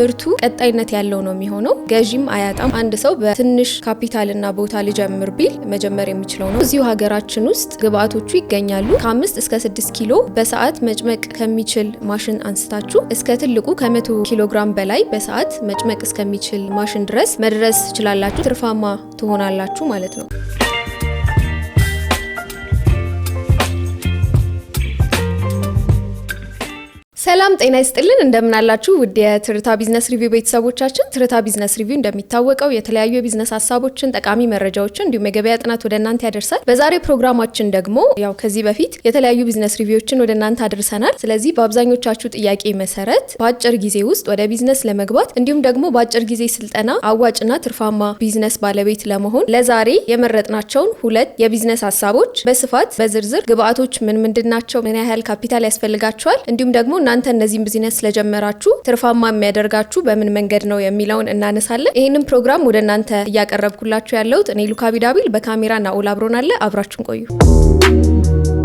ምርቱ ቀጣይነት ያለው ነው የሚሆነው። ገዢም አያጣም። አንድ ሰው በትንሽ ካፒታልና ቦታ ልጀምር ቢል መጀመር የሚችለው ነው። እዚሁ ሀገራችን ውስጥ ግብአቶቹ ይገኛሉ። ከአምስት እስከ ስድስት ኪሎ በሰዓት መጭመቅ ከሚችል ማሽን አንስታችሁ እስከ ትልቁ ከመቶ ኪሎ ግራም በላይ በሰዓት መጭመቅ እስከሚችል ማሽን ድረስ መድረስ ትችላላችሁ። ትርፋማ ትሆናላችሁ ማለት ነው። ሰላም ጤና ይስጥልን እንደምን አላችሁ? ውድ የትርታ ቢዝነስ ሪቪው ቤተሰቦቻችን፣ ትርታ ቢዝነስ ሪቪው እንደሚታወቀው የተለያዩ የቢዝነስ ሀሳቦችን፣ ጠቃሚ መረጃዎችን እንዲሁም የገበያ ጥናት ወደ እናንተ ያደርሳል። በዛሬ ፕሮግራማችን ደግሞ ያው ከዚህ በፊት የተለያዩ ቢዝነስ ሪቪዎችን ወደ እናንተ አድርሰናል። ስለዚህ በአብዛኞቻችሁ ጥያቄ መሰረት በአጭር ጊዜ ውስጥ ወደ ቢዝነስ ለመግባት እንዲሁም ደግሞ በአጭር ጊዜ ስልጠና አዋጭና ትርፋማ ቢዝነስ ባለቤት ለመሆን ለዛሬ የመረጥናቸውን ሁለት የቢዝነስ ሀሳቦች በስፋት በዝርዝር ግብአቶች ምን ምንድን ናቸው፣ ምን ያህል ካፒታል ያስፈልጋቸዋል እንዲሁም ደግሞ እናንተ እነዚህም ቢዝነስ ስለጀመራችሁ ትርፋማ የሚያደርጋችሁ በምን መንገድ ነው የሚለውን እናነሳለን። ይህንን ፕሮግራም ወደ እናንተ እያቀረብኩላችሁ ያለሁት እኔ ሉካ ቢዳቢል፣ በካሜራ ናኦል አብሮናለ። አብራችሁን ቆዩ።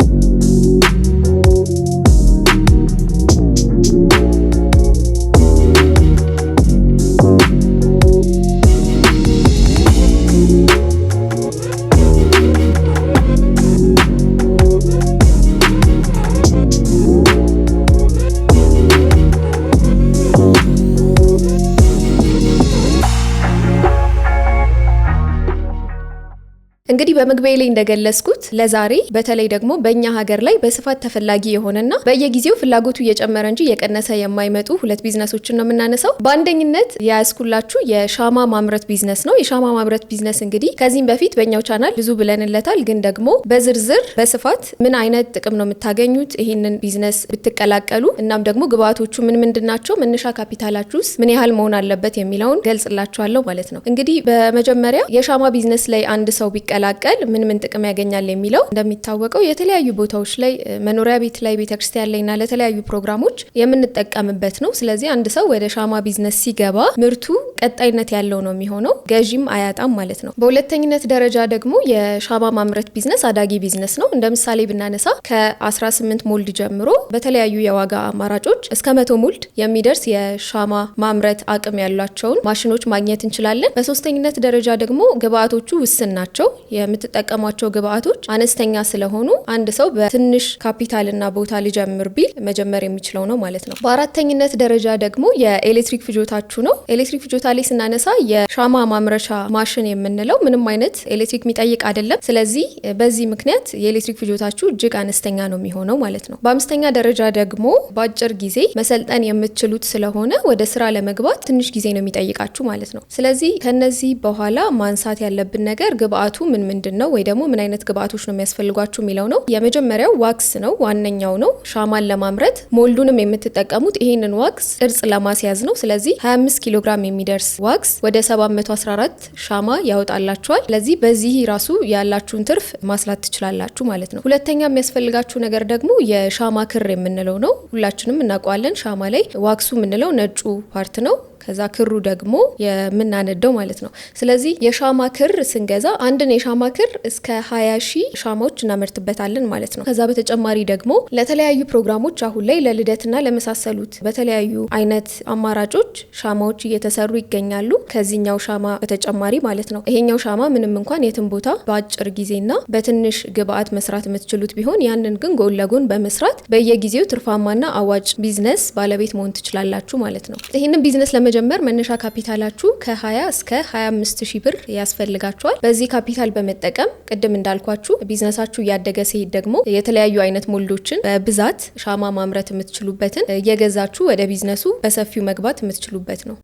በመግቢያ ላይ እንደገለጽኩት ለዛሬ በተለይ ደግሞ በእኛ ሀገር ላይ በስፋት ተፈላጊ የሆነና በየጊዜው ፍላጎቱ እየጨመረ እንጂ የቀነሰ የማይመጡ ሁለት ቢዝነሶችን ነው የምናነሳው። በአንደኝነት የያዝኩላችሁ የሻማ ማምረት ቢዝነስ ነው። የሻማ ማምረት ቢዝነስ እንግዲህ ከዚህም በፊት በእኛው ቻናል ብዙ ብለንለታል፣ ግን ደግሞ በዝርዝር በስፋት ምን አይነት ጥቅም ነው የምታገኙት ይህንን ቢዝነስ ብትቀላቀሉ፣ እናም ደግሞ ግብአቶቹ ምን ምንድናቸው፣ መነሻ ካፒታላችሁስ ምን ያህል መሆን አለበት የሚለውን ገልጽላችኋለሁ ማለት ነው። እንግዲህ በመጀመሪያ የሻማ ቢዝነስ ላይ አንድ ሰው ቢቀላቀል ምን ምን ጥቅም ያገኛል የሚለው እንደሚታወቀው የተለያዩ ቦታዎች ላይ መኖሪያ ቤት ላይ ቤተክርስቲያን ላይና ለተለያዩ ፕሮግራሞች የምንጠቀምበት ነው። ስለዚህ አንድ ሰው ወደ ሻማ ቢዝነስ ሲገባ ምርቱ ቀጣይነት ያለው ነው የሚሆነው፣ ገዢም አያጣም ማለት ነው። በሁለተኝነት ደረጃ ደግሞ የሻማ ማምረት ቢዝነስ አዳጊ ቢዝነስ ነው። እንደ ምሳሌ ብናነሳ ከ18 ሞልድ ጀምሮ በተለያዩ የዋጋ አማራጮች እስከ መቶ ሞልድ የሚደርስ የሻማ ማምረት አቅም ያሏቸውን ማሽኖች ማግኘት እንችላለን። በሶስተኝነት ደረጃ ደግሞ ግብአቶቹ ውስን ናቸው። የምትጠቀሟቸው ግብአቶች አነስተኛ ስለሆኑ አንድ ሰው በትንሽ ካፒታልና ቦታ ሊጀምር ቢል መጀመር የሚችለው ነው ማለት ነው። በአራተኝነት ደረጃ ደግሞ የኤሌክትሪክ ፍጆታችሁ ነው። ኤሌክትሪክ ፍጆታ ላይ ስናነሳ የሻማ ማምረቻ ማሽን የምንለው ምንም አይነት ኤሌክትሪክ የሚጠይቅ አይደለም። ስለዚህ በዚህ ምክንያት የኤሌክትሪክ ፍጆታችሁ እጅግ አነስተኛ ነው የሚሆነው ማለት ነው። በአምስተኛ ደረጃ ደግሞ በአጭር ጊዜ መሰልጠን የምትችሉት ስለሆነ ወደ ስራ ለመግባት ትንሽ ጊዜ ነው የሚጠይቃችሁ ማለት ነው። ስለዚህ ከነዚህ በኋላ ማንሳት ያለብን ነገር ግብአቱ ምን ምንድን ነው ወይ ደግሞ ምን አይነት ግብአቱ ግብአቶች ነው የሚያስፈልጓችሁ የሚለው ነው። የመጀመሪያው ዋክስ ነው፣ ዋነኛው ነው። ሻማን ለማምረት ሞልዱንም የምትጠቀሙት ይሄንን ዋክስ ቅርጽ ለማስያዝ ነው። ስለዚህ 25 ኪሎ ግራም የሚደርስ ዋክስ ወደ 714 ሻማ ያወጣላችኋል። ስለዚህ በዚህ ራሱ ያላችሁን ትርፍ ማስላት ትችላላችሁ ማለት ነው። ሁለተኛ የሚያስፈልጋችሁ ነገር ደግሞ የሻማ ክር የምንለው ነው። ሁላችንም እናውቀዋለን። ሻማ ላይ ዋክሱ የምንለው ነጩ ፓርት ነው። ከዛ ክሩ ደግሞ የምናነደው ማለት ነው። ስለዚህ የሻማ ክር ስንገዛ አንድን የሻማ ክር እስከ 20 ሺ ሻማዎች እናመርትበታለን ማለት ነው። ከዛ በተጨማሪ ደግሞ ለተለያዩ ፕሮግራሞች አሁን ላይ ለልደትና ለመሳሰሉት በተለያዩ አይነት አማራጮች ሻማዎች እየተሰሩ ይገኛሉ። ከዚህኛው ሻማ በተጨማሪ ማለት ነው። ይሄኛው ሻማ ምንም እንኳን የትም ቦታ በአጭር ጊዜና በትንሽ ግብአት መስራት የምትችሉት ቢሆን ያንን ግን ጎን ለጎን በመስራት በየጊዜው ትርፋማና አዋጭ ቢዝነስ ባለቤት መሆን ትችላላችሁ ማለት ነው። ይህንን ቢዝነስ ለመጀመር መነሻ ካፒታላችሁ ከ20 እስከ 25 ሺህ ብር ያስፈልጋችኋል። በዚህ ካፒታል በመጠቀም ቅድም እንዳልኳችሁ ቢዝነሳችሁ እያደገ ሲሄድ ደግሞ የተለያዩ አይነት ሞልዶችን በብዛት ሻማ ማምረት የምትችሉበትን እየገዛችሁ ወደ ቢዝነሱ በሰፊው መግባት የምትችሉበት ነው።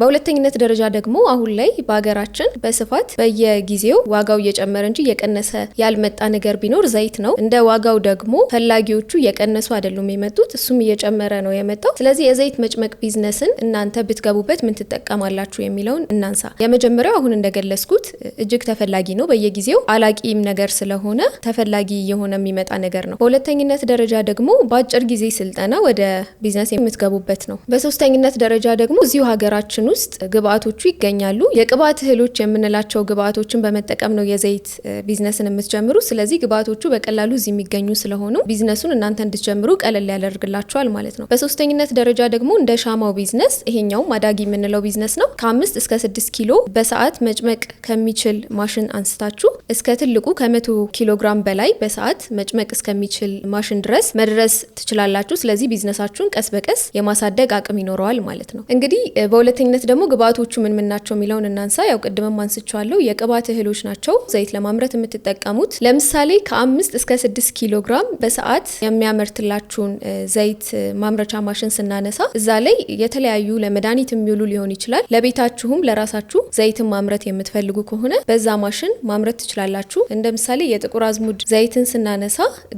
በሁለተኝነት ደረጃ ደግሞ አሁን ላይ በሀገራችን በስፋት በየጊዜው ዋጋው እየጨመረ እንጂ እየቀነሰ ያልመጣ ነገር ቢኖር ዘይት ነው። እንደ ዋጋው ደግሞ ፈላጊዎቹ እየቀነሱ አይደሉም የመጡት፣ እሱም እየጨመረ ነው የመጣው። ስለዚህ የዘይት መጭመቅ ቢዝነስን እናንተ ብትገቡበት ምን ትጠቀማላችሁ የሚለውን እናንሳ። የመጀመሪያው አሁን እንደገለጽኩት እጅግ ተፈላጊ ነው፣ በየጊዜው አላቂም ነገር ስለሆነ ተፈላጊ የሆነ የሚመጣ ነገር ነው። በሁለተኝነት ደረጃ ደግሞ በአጭር ጊዜ ስልጠና ወደ ቢዝነስ የምትገቡበት ነው። በሶስተኝነት ደረጃ ደግሞ እዚሁ ሀገራችን ውስጥ ግብአቶቹ ይገኛሉ። የቅባት እህሎች የምንላቸው ግብአቶችን በመጠቀም ነው የዘይት ቢዝነስን የምትጀምሩ። ስለዚህ ግብአቶቹ በቀላሉ እዚህ የሚገኙ ስለሆኑ ቢዝነሱን እናንተ እንድትጀምሩ ቀለል ያደርግላቸዋል ማለት ነው። በሶስተኝነት ደረጃ ደግሞ እንደ ሻማው ቢዝነስ ይሄኛውም አዳጊ የምንለው ቢዝነስ ነው። ከአምስት እስከ ስድስት ኪሎ በሰዓት መጭመቅ ከሚችል ማሽን አንስታችሁ እስከ ትልቁ ከመቶ ኪሎ ግራም በላይ በሰዓት መጭመቅ እስከሚችል ማሽን ድረስ መድረስ ትችላላችሁ። ስለዚህ ቢዝነሳችሁን ቀስ በቀስ የማሳደግ አቅም ይኖረዋል ማለት ነው። እንግዲህ በሁለተኝነት በቀጣይነት ደግሞ ግብአቶቹ ምን ምን ናቸው የሚለውን እናንሳ። ያው ቅድምም አንስቸዋለሁ የቅባት እህሎች ናቸው ዘይት ለማምረት የምትጠቀሙት። ለምሳሌ ከአምስት እስከ ስድስት ኪሎ ግራም በሰዓት የሚያመርትላችሁን ዘይት ማምረቻ ማሽን ስናነሳ እዛ ላይ የተለያዩ ለመድኃኒት የሚውሉ ሊሆን ይችላል። ለቤታችሁም ለራሳችሁ ዘይትን ማምረት የምትፈልጉ ከሆነ በዛ ማሽን ማምረት ትችላላችሁ። እንደ ምሳሌ የጥቁር አዝሙድ ዘይትን ስናነሳ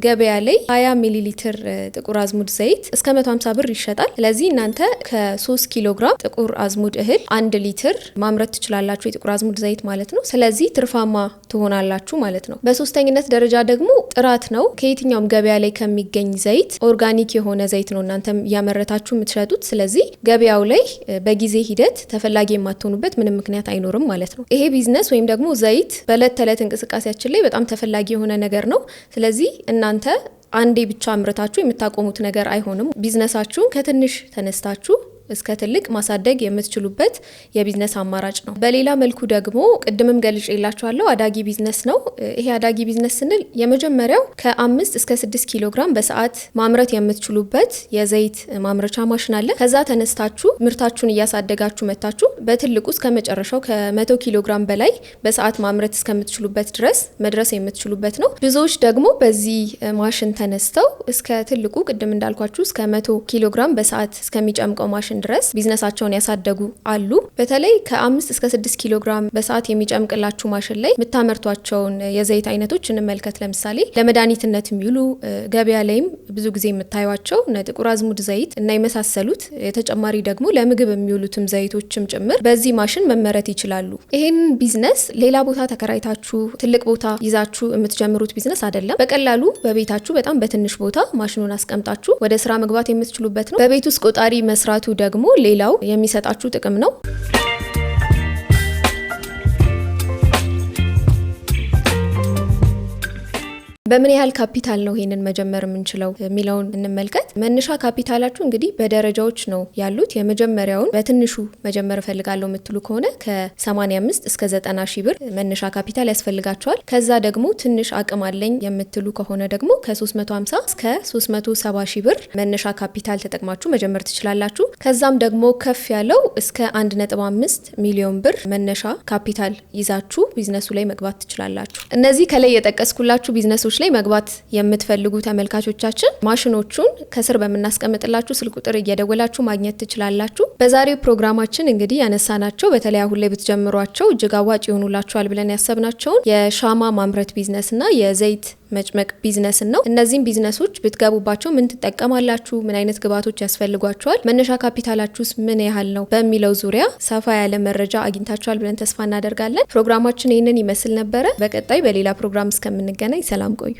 ገበያ ላይ 20 ሚሊ ሊትር ጥቁር አዝሙድ ዘይት እስከ 150 ብር ይሸጣል። ስለዚህ እናንተ ከ3 ኪሎ ግራም ጥቁር አዝሙድ አዝሙድ እህል አንድ ሊትር ማምረት ትችላላችሁ፣ የጥቁር አዝሙድ ዘይት ማለት ነው። ስለዚህ ትርፋማ ትሆናላችሁ ማለት ነው። በሶስተኝነት ደረጃ ደግሞ ጥራት ነው። ከየትኛውም ገበያ ላይ ከሚገኝ ዘይት ኦርጋኒክ የሆነ ዘይት ነው እናንተም እያመረታችሁ የምትሸጡት። ስለዚህ ገበያው ላይ በጊዜ ሂደት ተፈላጊ የማትሆኑበት ምንም ምክንያት አይኖርም ማለት ነው። ይሄ ቢዝነስ ወይም ደግሞ ዘይት በእለት ተዕለት እንቅስቃሴያችን ላይ በጣም ተፈላጊ የሆነ ነገር ነው። ስለዚህ እናንተ አንዴ ብቻ አምርታችሁ የምታቆሙት ነገር አይሆንም። ቢዝነሳችሁን ከትንሽ ተነስታችሁ እስከ ትልቅ ማሳደግ የምትችሉበት የቢዝነስ አማራጭ ነው። በሌላ መልኩ ደግሞ ቅድምም ገልጭ የላችኋለሁ አዳጊ ቢዝነስ ነው። ይሄ አዳጊ ቢዝነስ ስንል የመጀመሪያው ከአምስት እስከ ስድስት ኪሎ ግራም በሰዓት ማምረት የምትችሉበት የዘይት ማምረቻ ማሽን አለ። ከዛ ተነስታችሁ ምርታችሁን እያሳደጋችሁ መታችሁ በትልቁ እስከ መጨረሻው ከመቶ ኪሎ ግራም በላይ በሰዓት ማምረት እስከምትችሉበት ድረስ መድረስ የምትችሉበት ነው። ብዙዎች ደግሞ በዚህ ማሽን ተነስተው እስከ ትልቁ ቅድም እንዳልኳችሁ እስከ መቶ ኪሎ ግራም በሰዓት እስከሚጨምቀው ማሽን ቀን ድረስ ቢዝነሳቸውን ያሳደጉ አሉ። በተለይ ከአምስት እስከ ስድስት ኪሎ ግራም በሰዓት የሚጨምቅላችሁ ማሽን ላይ የምታመርቷቸውን የዘይት አይነቶች እንመልከት። ለምሳሌ ለመድኃኒትነት የሚውሉ ገበያ ላይም ብዙ ጊዜ የምታዩቸው ጥቁር አዝሙድ ዘይት እና የመሳሰሉት ተጨማሪ ደግሞ ለምግብ የሚውሉትም ዘይቶችም ጭምር በዚህ ማሽን መመረት ይችላሉ። ይህን ቢዝነስ ሌላ ቦታ ተከራይታችሁ ትልቅ ቦታ ይዛችሁ የምትጀምሩት ቢዝነስ አይደለም። በቀላሉ በቤታችሁ በጣም በትንሽ ቦታ ማሽኑን አስቀምጣችሁ ወደ ስራ መግባት የምትችሉበት ነው። በቤት ውስጥ ቆጣሪ መስራቱ ደግሞ ደግሞ ሌላው የሚሰጣችሁ ጥቅም ነው። በምን ያህል ካፒታል ነው ይሄንን መጀመር የምንችለው የሚለውን እንመልከት። መነሻ ካፒታላችሁ እንግዲህ በደረጃዎች ነው ያሉት። የመጀመሪያውን በትንሹ መጀመር እፈልጋለሁ የምትሉ ከሆነ ከ85 እስከ 90 ሺህ ብር መነሻ ካፒታል ያስፈልጋቸዋል። ከዛ ደግሞ ትንሽ አቅም አለኝ የምትሉ ከሆነ ደግሞ ከ350 እስከ 370 ሺህ ብር መነሻ ካፒታል ተጠቅማችሁ መጀመር ትችላላችሁ። ከዛም ደግሞ ከፍ ያለው እስከ 1.5 ሚሊዮን ብር መነሻ ካፒታል ይዛችሁ ቢዝነሱ ላይ መግባት ትችላላችሁ። እነዚህ ከላይ የጠቀስኩላችሁ ቢዝነሶች ላይ መግባት የምትፈልጉ ተመልካቾቻችን ማሽኖቹን ከስር በምናስቀምጥላችሁ ስልክ ቁጥር እየደወላችሁ ማግኘት ትችላላችሁ። በዛሬው ፕሮግራማችን እንግዲህ ያነሳናቸው በተለይ አሁን ላይ ብትጀምሯቸው እጅግ አዋጭ ይሆኑላችኋል ብለን ያሰብናቸውን የሻማ ማምረት ቢዝነስና የዘይት መጭመቅ ቢዝነስን ነው። እነዚህም ቢዝነሶች ብትገቡባቸው ምን ትጠቀማላችሁ? ምን አይነት ግብዓቶች ያስፈልጓቸዋል? መነሻ ካፒታላችሁስ ምን ያህል ነው? በሚለው ዙሪያ ሰፋ ያለ መረጃ አግኝታችኋል ብለን ተስፋ እናደርጋለን። ፕሮግራማችን ይህንን ይመስል ነበረ። በቀጣይ በሌላ ፕሮግራም እስከምንገናኝ ሰላም ቆዩ።